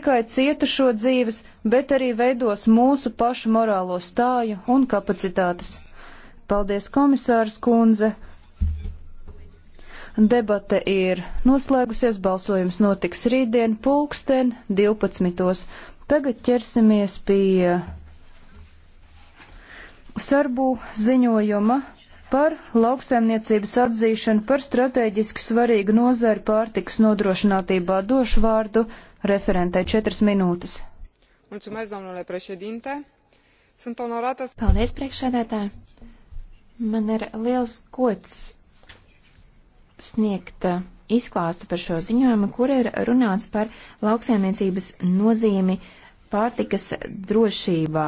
tikai cietušo dzīves, bet arī veidos mūsu pašu morālo stāju un kapacitātes. Paldies, komisārs Kunze! Debate ir noslēgusies, balsojums notiks rītdien pulksten 12. Tagad ķersimies pie sarbu ziņojuma par lauksaimniecības atzīšanu par strateģiski svarīgu nozari pārtikas nodrošinātībā došu vārdu referentei četras minūtes. Mulțumesc, domnule președinte. Sunt onorată. Paldies, priekšsēdētāji. Man ir liels gods sniegt izklāstu par šo ziņojumu, kur ir runāts par lauksaimniecības nozīmi pārtikas drošībā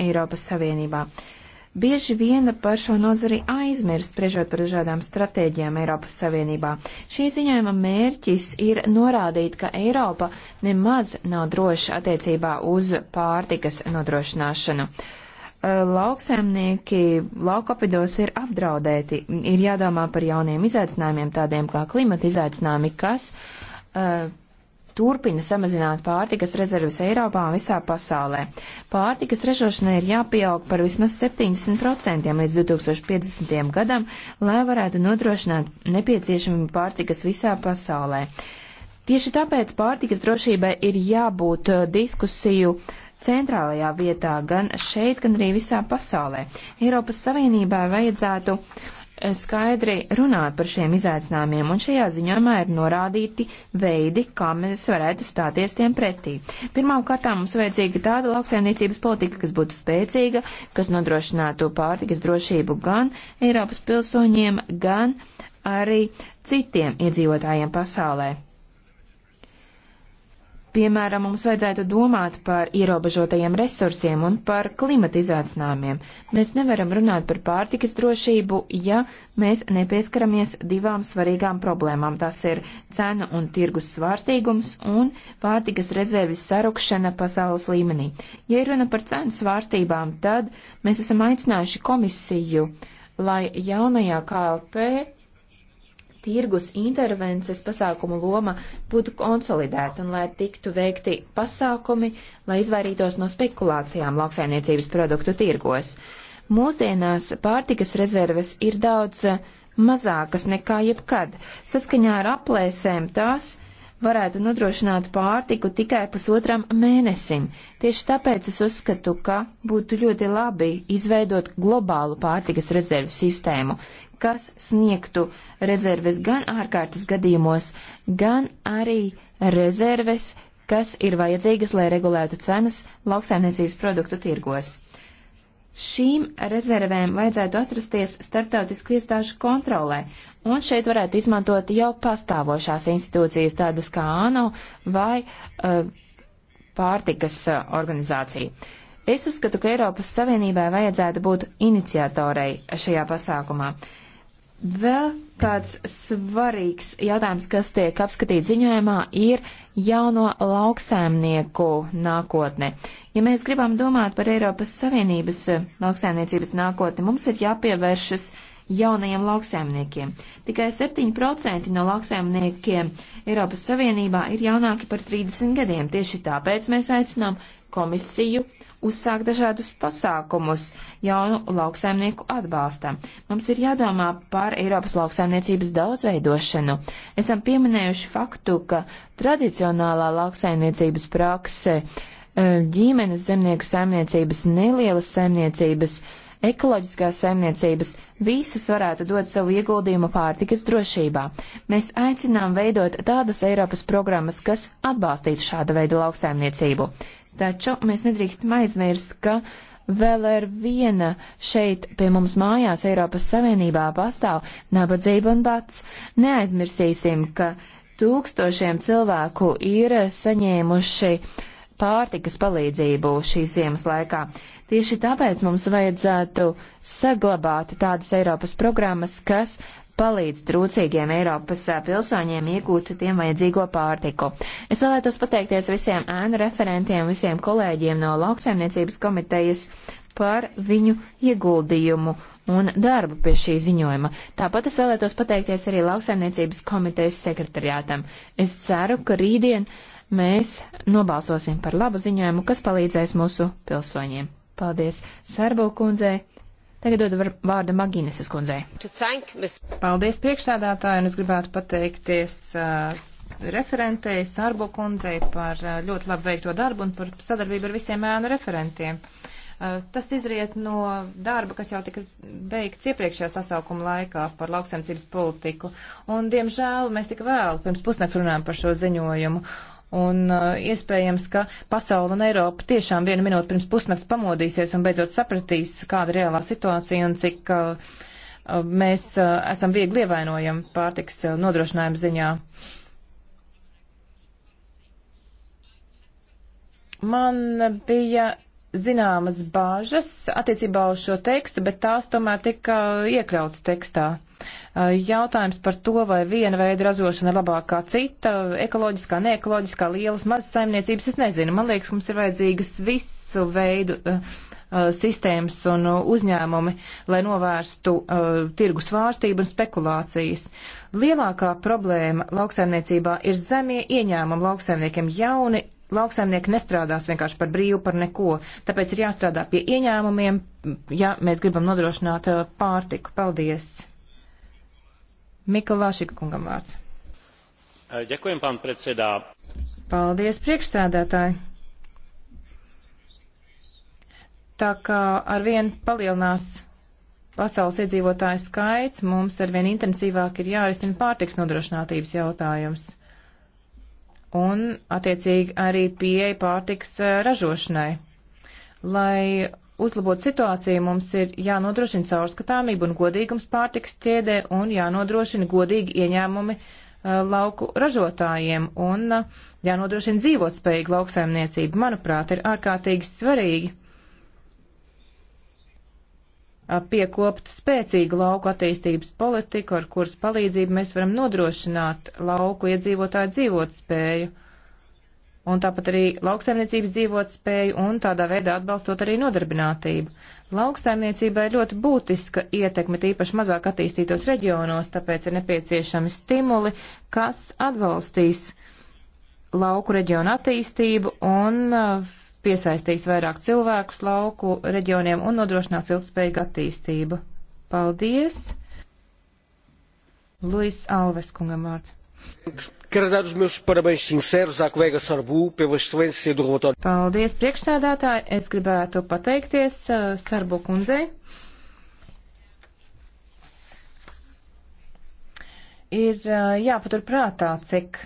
Eiropas Savienībā. Uh, bieži viena par šo nozari aizmirst, priežot par dažādām stratēģijām Eiropas Savienībā. Šī ziņojuma mērķis ir norādīt, ka Eiropa nemaz nav droša attiecībā uz pārtikas nodrošināšanu. Lauksaimnieki laukapidos ir apdraudēti, ir jādomā par jauniem izaicinājumiem, tādiem kā klimata izaicinājumi, kas uh, turpina samazināt pārtikas rezerves Eiropā un visā pasaulē. Pārtikas ražošanai ir jāpieaug par vismaz 70% līdz 2050. gadam, lai varētu nodrošināt nepieciešamību pārtikas visā pasaulē. Tieši tāpēc pārtikas drošībai ir jābūt uh, diskusiju centrālajā vietā gan šeit, gan arī visā pasaulē. Eiropas Savienībā vajadzētu uh, skaidri runāt par šiem izaicinājumiem, un šajā ziņojumā ir norādīti veidi, kā mēs varētu stāties tiem pretī. Pirmkārt, mums vajadzīga tāda lauksaimniecības politika, kas būtu spēcīga, kas nodrošinātu pārtikas drošību gan Eiropas pilsoņiem, gan arī citiem iedzīvotājiem pasaulē. Piemēram, mums vajadzētu domāt par ierobežotajiem resursiem un par klimata izaicinājumiem. Mēs nevaram runāt par pārtikas drošību, ja mēs nepieskaramies divām svarīgām problēmām. Tas ir cenu un tirgus svārstīgums un pārtikas rezervju sarukšana pasaules līmenī. Ja runa par cenu svārstībām, tad mēs esam aicinājuši komisiju, lai jaunajā KLP tirgus intervences pasākumu loma būtu konsolidēta un lai tiktu veikti pasākumi, lai izvairītos no spekulācijām lauksainiecības produktu tirgos. Mūsdienās pārtikas rezerves ir daudz eh, mazākas nekā jebkad. Saskaņā ar aplēsēm tās varētu nodrošināt pārtiku tikai pusotram mēnesim. Tieši tāpēc es uzskatu, ka būtu ļoti labi izveidot globālu pārtikas rezervu sistēmu, kas sniegtu rezerves gan ārkārtas gadījumos, gan arī rezerves, kas ir vajadzīgas, lai regulētu cenas lauksaimniecības produktu tirgos. Šīm rezervēm vajadzētu atrasties starptautisku iestāžu kontrolē, un šeit varētu izmantot jau pastāvošās institūcijas, tādas kā ANO vai uh, pārtikas uh, organizācija. Es uzskatu, ka Eiropas Savienībai vajadzētu būt iniciatorei šajā pasākumā. Uh, Vēl kāds svarīgs jautājums, kas tiek apskatīts ziņojumā, ir jauno lauksēmnieku nākotne. Ja mēs gribam domāt par Eiropas Savienības lauksēmniecības nākotni, mums ir jāpievēršas uh, jaunajiem lauksaimniekiem. Tikai 7% no lauksaimniekiem Eiropas Savienībā ir jaunāki par 30 gadiem. Tieši tāpēc mēs aicinām komisiju uzsākt dažādus pasākumus jaunu lauksaimnieku atbalstam. Mums ir jādomā par Eiropas lauksaimniecības daudzveidošanu. Esam pieminējuši faktu, ka tradicionālā lauksaimniecības prakse, eh, ģimenes zemnieku saimniecības, nelielas saimniecības, uh, ekoloģiskās saimniecības, visas varētu dot savu ieguldījumu pārtikas drošībā. Mēs aicinām veidot tādas Eiropas programmas, kas atbalstītu šāda veida lauksaimniecību. Taču mēs nedrīkstam aizmirst, ka vēl ar viena šeit pie mums mājās Eiropas Savienībā pastāv nabadzība un bats. Neaizmirsīsim, ka tūkstošiem cilvēku ir saņēmuši uh, pārtikas palīdzību šīs ziemas laikā. Tieši tāpēc mums vajadzētu saglabāt tādas Eiropas programmas, kas palīdz trūcīgiem Eiropas pilsoņiem iegūt tiem vajadzīgo pārtiku. Es vēlētos pateikties visiem ēnu referentiem, visiem kolēģiem no lauksaimniecības komitejas par viņu ieguldījumu un darbu pie šī ziņojuma. Tāpat es vēlētos pateikties arī lauksaimniecības komitejas sekretariātam. Es ceru, ka rītdien uh, mēs nobalsosim par labu ziņojumu, kas palīdzēs mūsu pilsoņiem. Paldies Sarbu kundzei! Tagad dod vārdu Magīneses kundzei. Paldies priekšsādātāju, un es gribētu pateikties uh, referentei Sārbo kundzei par uh, ļoti labi veikto darbu un par sadarbību ar visiem ēnu referentiem. Uh, tas izriet no darba, kas jau tika veikts iepriekšējā sasaukuma laikā par lauksaimniecības politiku. Un, diemžēl, mēs tik vēl pirms pusnakts runājam par šo ziņojumu. Un uh, iespējams, ka pasaule un Eiropa tiešām vienu minūti pirms pusnakts pamodīsies un beidzot sapratīs, kāda ir reālā situācija un cik uh, uh mēs uh, esam viegli ievainojami pārtiks uh, nodrošinājuma ziņā. Man bija zināmas bāžas attiecībā uz šo tekstu, bet tās tomēr tika uh, iekļautas tekstā. Uh, jautājums par to, vai viena veida ražošana ir labākā cita, ekoloģiskā, neekoloģiskā, lielas, mazas saimniecības, es nezinu. Man liekas, mums ir vajadzīgas visu veidu uh, uh sistēmas un uzņēmumi, lai novērstu uh, tirgus vārstību un spekulācijas. Lielākā problēma lauksaimniecībā ir zemie ieņēmumi lauksaimniekiem jauni lauksaimnieki nestrādās vienkārši par brīvu, par neko. Tāpēc ir jāstrādā pie ieņēmumiem, ja mēs gribam nodrošināt uh, pārtiku. Paldies! Mikulāšika kungam vārds. Uh, ďakujem, pán predsedā. Paldies, priekšsēdētāji. Tā kā arvien palielinās pasaules iedzīvotāju skaits, mums arvien intensīvāk ir jārisina pārtiks nodrošinātības jautājums un, attiecīgi, arī pieeja pārtiks eh, ražošanai. Lai uzlabot situāciju, mums ir jānodrošina caurskatāmība un godīgums pārtiks ķēdē un jānodrošina godīgi ieņēmumi eh, lauku ražotājiem un eh, jānodrošina dzīvotspējīga lauksaimniecība. Manuprāt, ir ārkārtīgi svarīgi piekopt spēcīgu lauku attīstības politiku, ar kuras palīdzību mēs varam nodrošināt lauku iedzīvotāju dzīvotspēju un tāpat arī lauksaimniecības dzīvotspēju un tādā veidā atbalstot arī nodarbinātību. Lauksaimniecībai ļoti būtiska ietekme tīpaši mazāk attīstītos reģionos, tāpēc ir nepieciešami stimuli, kas atbalstīs lauku reģionu attīstību un uh, piesaistīs vairāk cilvēkus lauku reģioniem un nodrošinās ilgspējīgu attīstību. Paldies! Luis Alves kungam vārds. Quero dar os meus parabéns sinceros à colega Sarbu pela excelência do relatório. Paldies, priekšsēdētāji. Es gribētu pateikties uh, Sarbu kundzei. Ir uh, jāpatur prātā, cik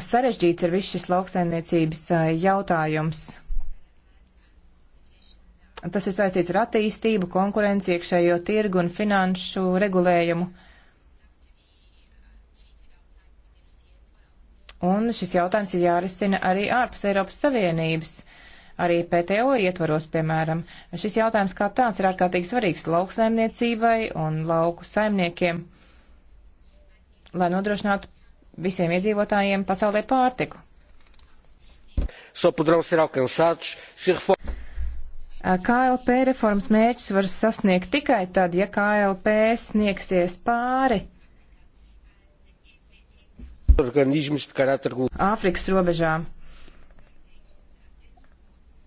sarežģīts ir viss šis lauksaimniecības uh, jautājums. Tas ir saistīts ar attīstību, konkurenci, iekšējo tirgu un finanšu regulējumu. Un šis jautājums ir jārisina arī ārpus Eiropas Savienības, arī PTO ietvaros, piemēram. Šis jautājums kā tāds ir ārkārtīgi svarīgs lauksaimniecībai un lauku saimniekiem, lai nodrošinātu visiem iedzīvotājiem pasaulē pārtiku. Só poderão ser alcançados se reformar KLP reformas mērķus var sasniegt tikai tad, ja KLP sniegsies pāri Āfrikas robežām.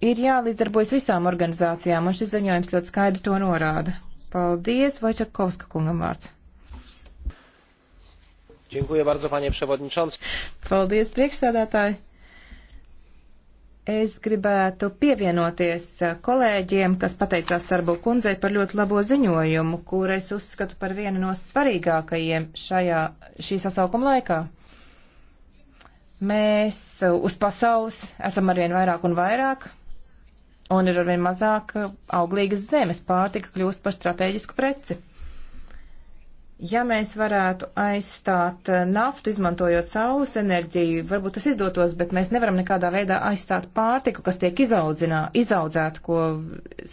Ir jālīdzdarbojas visām organizācijām, un šis ziņojums ļoti skaidri to norāda. Paldies, Vojčakovska kungam vārds. Dziękuję bardzo, panie przewodniczący. Paldies, priekšsēdētāji. Es gribētu pievienoties eh, kolēģiem, kas pateicās Sarbu kundzei par ļoti labo ziņojumu, kur es uzskatu par vienu no svarīgākajiem šajā, šī sasaukuma laikā. Mēs eh, uz pasaules esam arvien vairāk un vairāk, un ir arvien mazāk eh, auglīgas zemes pārtika kļūst par strateģisku preci. Ja mēs varētu aizstāt eh, naftu, izmantojot saules enerģiju, varbūt tas izdotos, bet mēs nevaram nekādā veidā aizstāt pārtiku, kas tiek izaudzēta, ko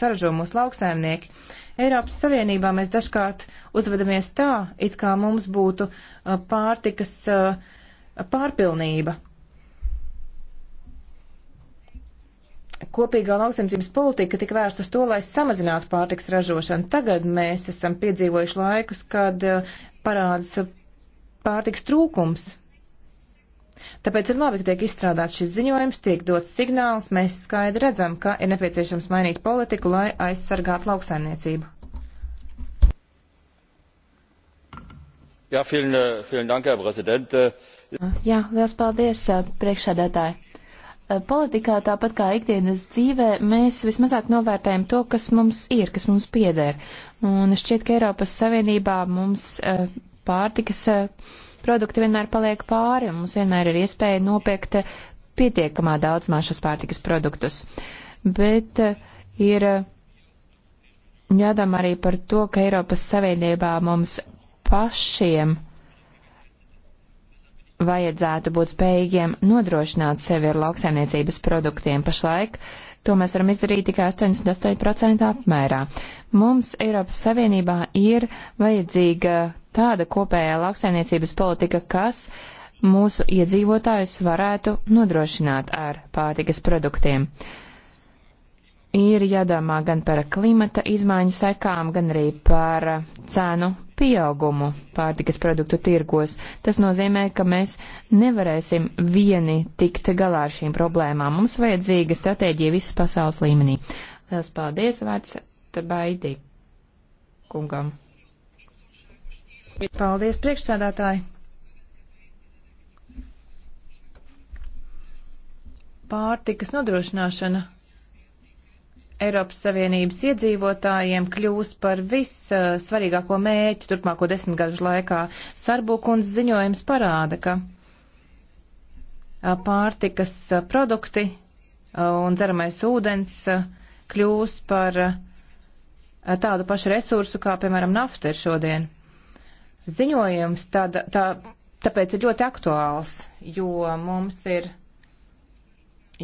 saražo mūsu lauksaimnieki. Eiropas Savienībā mēs dažkārt uzvedamies tā, it kā mums būtu eh, pārtikas eh, pārpilnība. kopīgā lauksemdzības politika tika vērst uz to, lai samazinātu pārtiks ražošanu. Tagad mēs esam piedzīvojuši laikus, kad eh, parāds eh, pārtiks trūkums. Tāpēc ir labi, ka tiek izstrādāts šis ziņojums, tiek dots signāls, mēs skaidri redzam, ka ir nepieciešams mainīt politiku, lai aizsargātu lauksaimniecību. Jā, vielen, eh, vielen dank, Herr Präsident. Jā, liels paldies, priekšsēdētāji. Eh, politikā, tāpat kā ikdienas dzīvē, mēs vismazāk novērtējam to, kas mums ir, kas mums pieder. Un šķiet, ka Eiropas Savienībā mums eh, pārtikas eh, produkti vienmēr paliek pāri, un mums vienmēr ir iespēja nopirkt pietiekamā daudzumā šos pārtikas produktus. Bet ir jādomā arī par to, ka Eiropas Savienībā mums pašiem uh, vajadzētu būt spējīgiem nodrošināt sevi ar lauksaimniecības produktiem pašlaik, to mēs varam izdarīt tikai 88% apmērā. Mums Eiropas Savienībā ir vajadzīga tāda kopējā lauksaimniecības politika, kas mūsu iedzīvotājus varētu nodrošināt ar pārtikas produktiem. Uh, ir jādomā gan par klimata izmaiņu sekām, gan arī par cenu pieaugumu pārtikas produktu tirgos. Tas nozīmē, ka mēs nevarēsim vieni tikt galā ar šīm problēmām. Mums vajadzīga stratēģija visas pasaules līmenī. Lielas paldies, vārds Tabaidi kungam. Paldies, priekšsādātāji! Pārtikas nodrošināšana Eiropas Savienības iedzīvotājiem kļūs par vissvarīgāko mērķi turpmāko desmitgažu laikā. Sarbūkuns ziņojums parāda, ka pārtikas produkti un dzeramais ūdens kļūs par tādu pašu resursu, kā, piemēram, nafta ir šodien. Ziņojums tāda, tā, tāpēc ir ļoti aktuāls, jo mums ir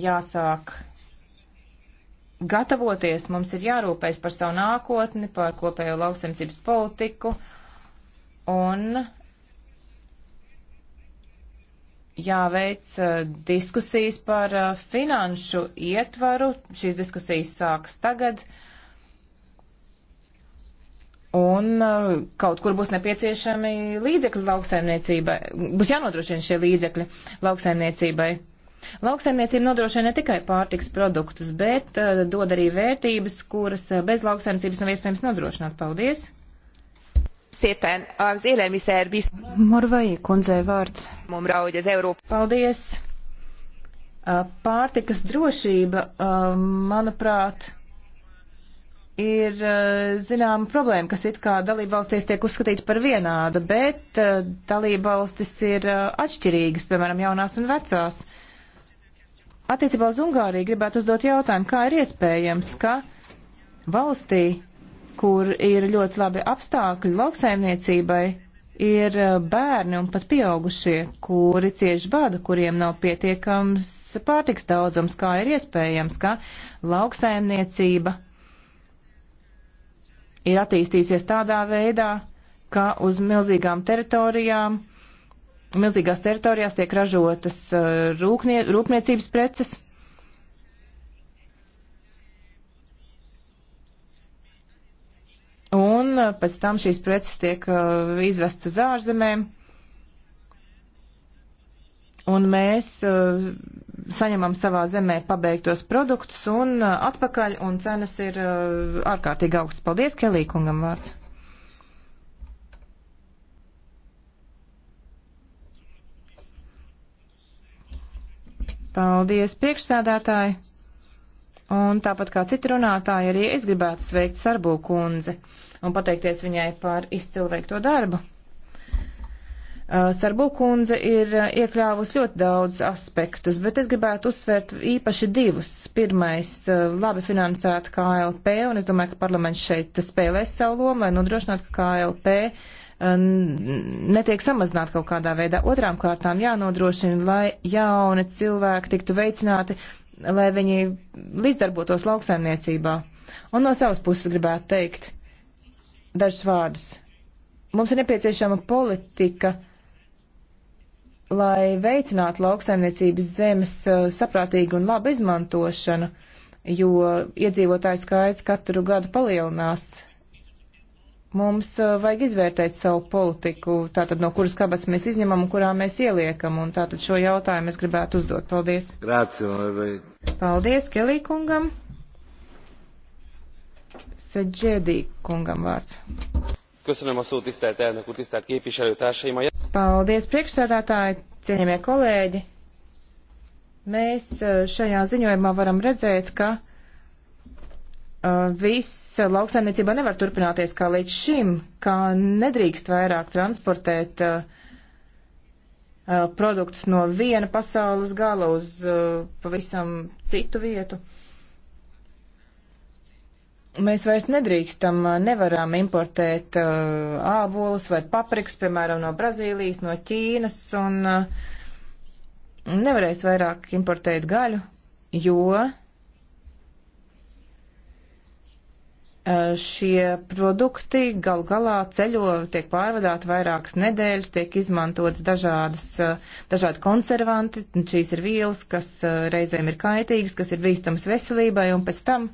jāsāk gatavoties, mums ir jārūpējas par savu nākotni, par kopējo lauksemcības politiku un jāveic uh, diskusijas par uh, finanšu ietvaru. Šīs diskusijas sāks tagad. Un uh, kaut kur būs nepieciešami līdzekļi lauksaimniecībai. Būs jānodrošina šie līdzekļi lauksaimniecībai. Lauksaimniecība nodrošina ne tikai pārtiks produktus, bet uh, dod arī vērtības, kuras uh, bez lauksaimniecības nav iespējams nodrošināt. Paldies! Szépen az élelmiszer Morvai kundzei vārds. Mumra, hogy az Európa. Paldies! Uh, pārtikas drošība, manuprāt, ir zināma problēma, kas it kā dalībvalstīs tiek uzskatīta par vienādu, bet dalībvalstis ir atšķirīgas, piemēram, jaunās un vecās. Uh, Attiecībā uz Ungāriju gribētu uzdot jautājumu, kā ir iespējams, ka valstī, kur ir ļoti labi apstākļi lauksaimniecībai, ir eh, bērni un pat pieaugušie, kuri cieši badu, kuriem nav pietiekams pārtiks daudzums, kā ir iespējams, ka lauksaimniecība ir attīstījusies tādā veidā, ka uz milzīgām teritorijām milzīgās teritorijās tiek ražotas uh, rūpnie, rūpniecības preces. Un uh, pēc tam šīs preces tiek uh, izvestas uz ārzemēm. Un mēs saņemam savā zemē pabeigtos produktus un atpakaļ, un cenas ir ārkārtīgi augstas. Paldies, Kelī kungam vārds. Paldies, priekšsēdētāji! Un tāpat kā citi runātāji, arī es gribētu sveikt Sarbū kundzi un pateikties viņai par izcilveikto darbu. Uh, Sarbū kundze ir uh, iekļāvusi ļoti daudz aspektus, bet es gribētu uzsvērt īpaši divus. Pirmais uh, - labi finansēta KLP, un es domāju, ka parlaments šeit spēlēs savu lomu, lai nodrošinātu, ka KLP uh, netiek samazināt kaut kādā veidā. Otrām kārtām jānodrošina, lai jauni cilvēki tiktu veicināti, lai viņi līdzdarbotos lauksaimniecībā. Un no savas puses gribētu teikt dažus vārdus. Mums ir nepieciešama politika, lai veicinātu lauksaimniecības zemes uh, saprātīgu un labu izmantošanu, jo iedzīvotāju skaits katru gadu palielinās mums eh, vajag izvērtēt savu politiku, tātad no kuras kabatas mēs izņemam un kurā mēs ieliekam, un tātad šo jautājumu es gribētu uzdot. Paldies. Grācija, Paldies Kelī kungam. Sedzsēdī kungam vārds. Köszönöm a szót, tisztelt elnök úr, tisztelt képviselőtársaim. Paldies, priekšsēdētāji, cienījamie kolēģi. Mēs eh, šajā ziņojumā varam redzēt, ka Uh, viss lauksaimniecībā nevar turpināties kā līdz šim, kā nedrīkst vairāk transportēt uh, uh, produktus no viena pasaules gala uz pavisam citu vietu. Mēs vairs nedrīkstam, nevaram importēt uh, ābolus vai paprikus, piemēram, no Brazīlijas, no Ķīnas, un uh, nevarēs vairāk importēt gaļu, jo šie produkti gal galā ceļo, tiek pārvadāti vairākas nedēļas, tiek izmantotas dažādas, dažādi konservanti, šīs ir vielas, kas reizēm ir kaitīgas, kas ir bīstamas veselībai, un pēc tam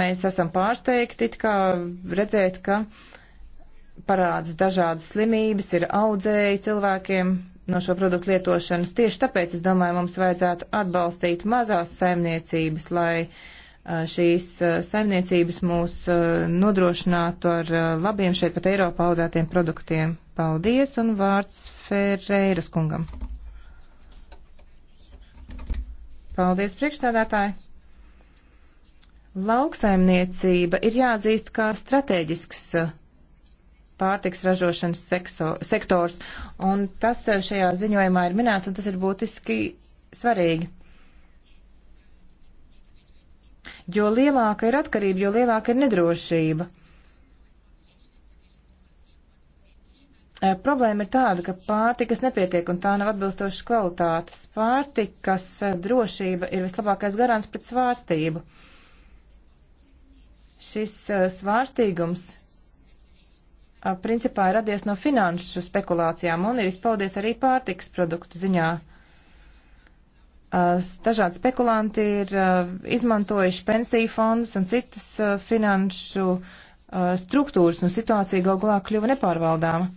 mēs esam pārsteigti, it kā redzēt, ka parādas dažādas slimības, ir audzēji cilvēkiem no šo produktu lietošanas. Tieši tāpēc, es domāju, mums vajadzētu atbalstīt mazās saimniecības, lai uh, Eh, šīs eh, saimniecības mūs eh, nodrošinātu ar labiem šeit pat Eiropā audzētiem produktiem. Paldies un vārds Ferreiras kungam. Paldies, priekšstādātāji! Lauksaimniecība ir jāatzīst kā strateģisks pārtiks ražošanas sekso, sektors, un tas šajā ziņojumā ir minēts, un tas ir būtiski svarīgi. jo lielāka ir atkarība, jo lielāka ir nedrošība. Problēma ir tāda, ka pārtikas nepietiek un tā nav atbilstošas kvalitātes. Pārtikas drošība ir vislabākais garants pret svārstību. Šis svārstīgums principā ir radies no finanšu spekulācijām un ir izpaudies arī pārtikas produktu ziņā. Dažādi spekulanti ir izmantojuši pensiju fondus un citas finanšu struktūras, un situācija galu galā kļuva nepārvaldāma.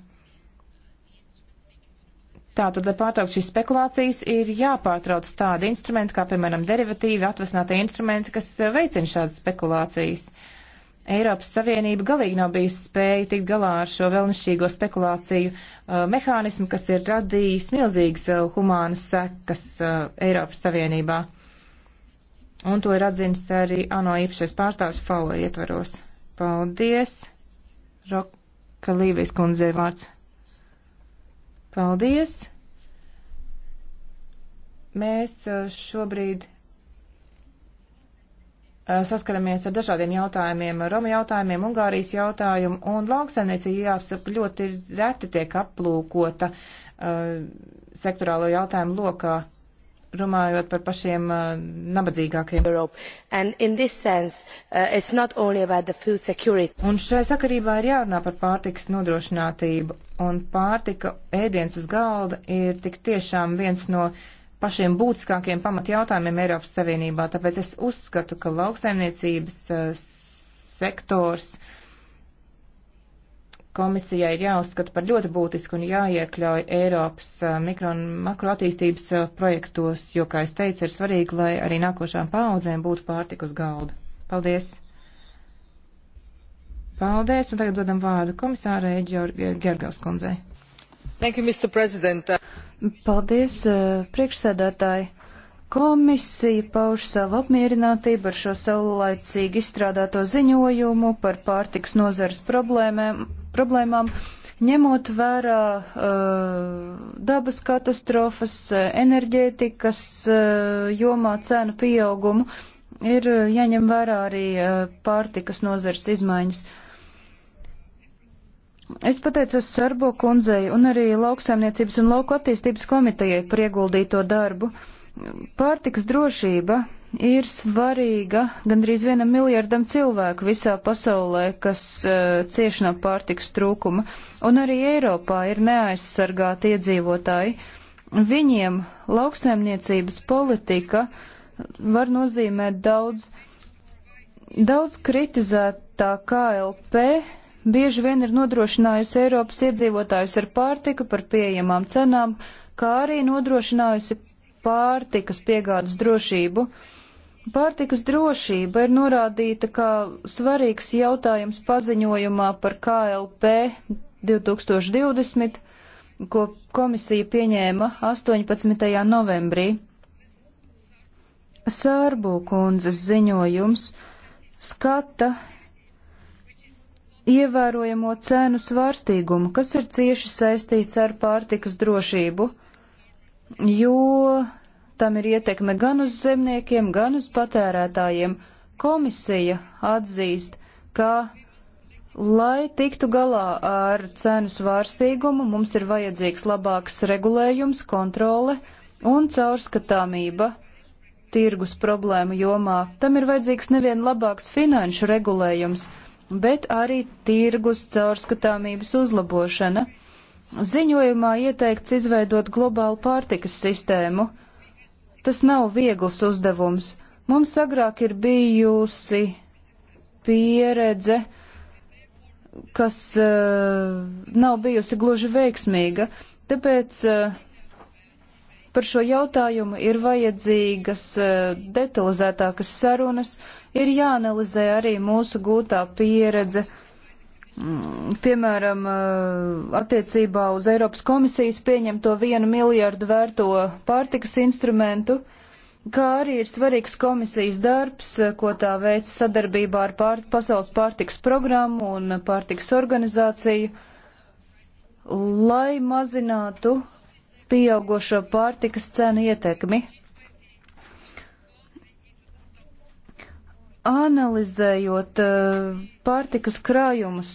Tātad, lai pārtrauktu šīs spekulācijas, ir jāpārtrauc tādi instrumenti, kā piemēram derivatīvi, atvesinātie instrumenti, kas veicina šādas spekulācijas. Eiropas Savienība galīgi nav bijusi spēja tikt galā ar šo vēlnišķīgo spekulāciju Uh, mehānismu, kas ir radījis milzīgas uh, humānas sekas uh, Eiropas Savienībā. Un to ir atzinis arī ANO īpašais pārstāvs FAO ietvaros. Paldies! Roka Līvijas kundzei vārds. Paldies! Mēs šobrīd Eh, saskaramies ar dažādiem jautājumiem, Roma jautājumiem, Ungārijas jautājumu, un lauksaimniecība jāapsaka ļoti reti tiek aplūkota uh, sektorālo jautājumu lokā, runājot par pašiem uh, nabadzīgākiem. Sense, uh, un šai sakarībā ir jārunā par pārtikas nodrošinātību, un pārtika ēdiens uz galda ir tik tiešām viens no uh, pašiem būtiskākiem pamatjautājumiem Eiropas Savienībā. Tāpēc es uzskatu, ka lauksaimniecības eh, sektors komisijai ir jāuzskata par ļoti būtisku un jāiekļauj Eiropas eh, mikro un makroattīstības eh, projektos, jo, kā es teicu, ir svarīgi, lai arī nākošām paudzēm būtu pārtika uz galda. Paldies! Paldies, un tagad dodam vārdu komisārai Gergaus kundzei. Thank you, Mr. President. Paldies, eh, priekšsēdētāji! Komisija pauž savu apmierinātību ar šo saulēcīgi izstrādāto ziņojumu par pārtiks nozares problēmēm, problēmām, ņemot vērā uh, dabas katastrofas, eh, enerģētikas uh, jomā cēnu pieaugumu, ir jāņem vērā arī uh, pārtikas nozares izmaiņas. Uh, Es pateicos Sarbo kundzei un arī lauksaimniecības un lauku attīstības komitejai par ieguldīto darbu. Pārtikas drošība ir svarīga gandrīz vienam miljardam cilvēku visā pasaulē, kas uh, cieš no pārtikas trūkuma, un arī Eiropā ir neaizsargāti iedzīvotāji. Viņiem lauksaimniecības politika var nozīmēt daudz, daudz kritizētā KLP bieži vien ir nodrošinājusi Eiropas iedzīvotājus ar pārtiku par pieejamām cenām, kā arī nodrošinājusi pārtikas piegādes drošību. Pārtikas drošība ir norādīta kā svarīgs jautājums paziņojumā par KLP 2020, ko komisija pieņēma 18. novembrī. Sārbu kundzes ziņojums skata ievērojamo cēnu svārstīgumu, kas ir cieši saistīts ar pārtikas drošību, jo tam ir ietekme gan uz zemniekiem, gan uz patērētājiem. Komisija atzīst, ka, lai tiktu galā ar cēnu svārstīgumu, mums ir vajadzīgs labāks regulējums, kontrole un caurskatāmība tirgus problēmu jomā. Tam ir vajadzīgs nevien labāks finanšu regulējums, bet arī tirgus caurskatāmības uzlabošana. Ziņojumā ieteikts izveidot globālu pārtikas sistēmu. Tas nav viegls uzdevums. Mums agrāk ir bijusi pieredze, kas uh, nav bijusi gluži veiksmīga, tāpēc uh, par šo jautājumu, ir vajadzīgas eh, detalizētākas sarunas, ir jāanalizē arī mūsu gūtā pieredze, mm, piemēram, eh, attiecībā uz Eiropas komisijas pieņemto vienu miljardu vērto pārtikas instrumentu, kā arī ir svarīgs komisijas darbs, eh, ko tā veic sadarbībā ar pār, Pasaules pārtikas programmu un pārtikas organizāciju, lai mazinātu pieaugušo pārtikas cenu ietekmi. Analizējot uh, pārtikas krājumus,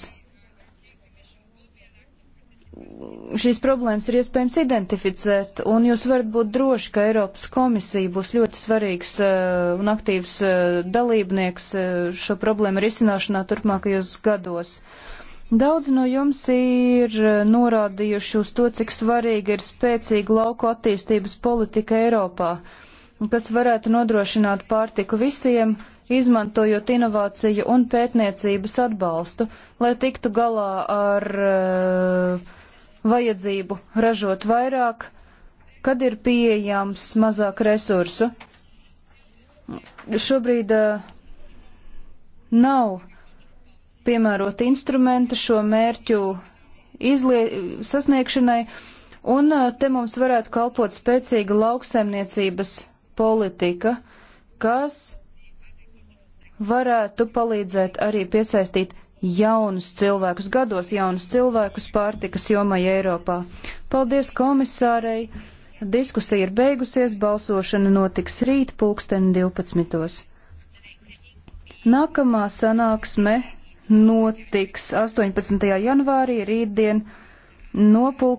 šīs problēmas ir iespējams identificēt, un jūs varat būt droši, ka Eiropas komisija būs ļoti svarīgs uh, un aktīvs uh, dalībnieks uh, šo problēmu risināšanā turpmākajos gados. Uh, Daudz no jums ir eh, norādījuši uz to, cik svarīga ir spēcīga lauku attīstības politika Eiropā, kas varētu nodrošināt pārtiku visiem, izmantojot inovāciju un pētniecības atbalstu, lai tiktu galā ar uh, vajadzību ražot vairāk, kad ir pieejams mazāk resursu. Šobrīd uh, nav piemērot instrumenta šo mērķu izlie, sasniegšanai, un uh, te mums varētu kalpot spēcīga lauksaimniecības politika, kas varētu palīdzēt arī piesaistīt jaunus cilvēkus, gados jaunus cilvēkus pārtikas jomai Eiropā. Paldies komisārei! Diskusija ir beigusies, balsošana notiks rīt pulksten 12. Nākamā sanāksme notiks 18. janvārī rītdien no pulka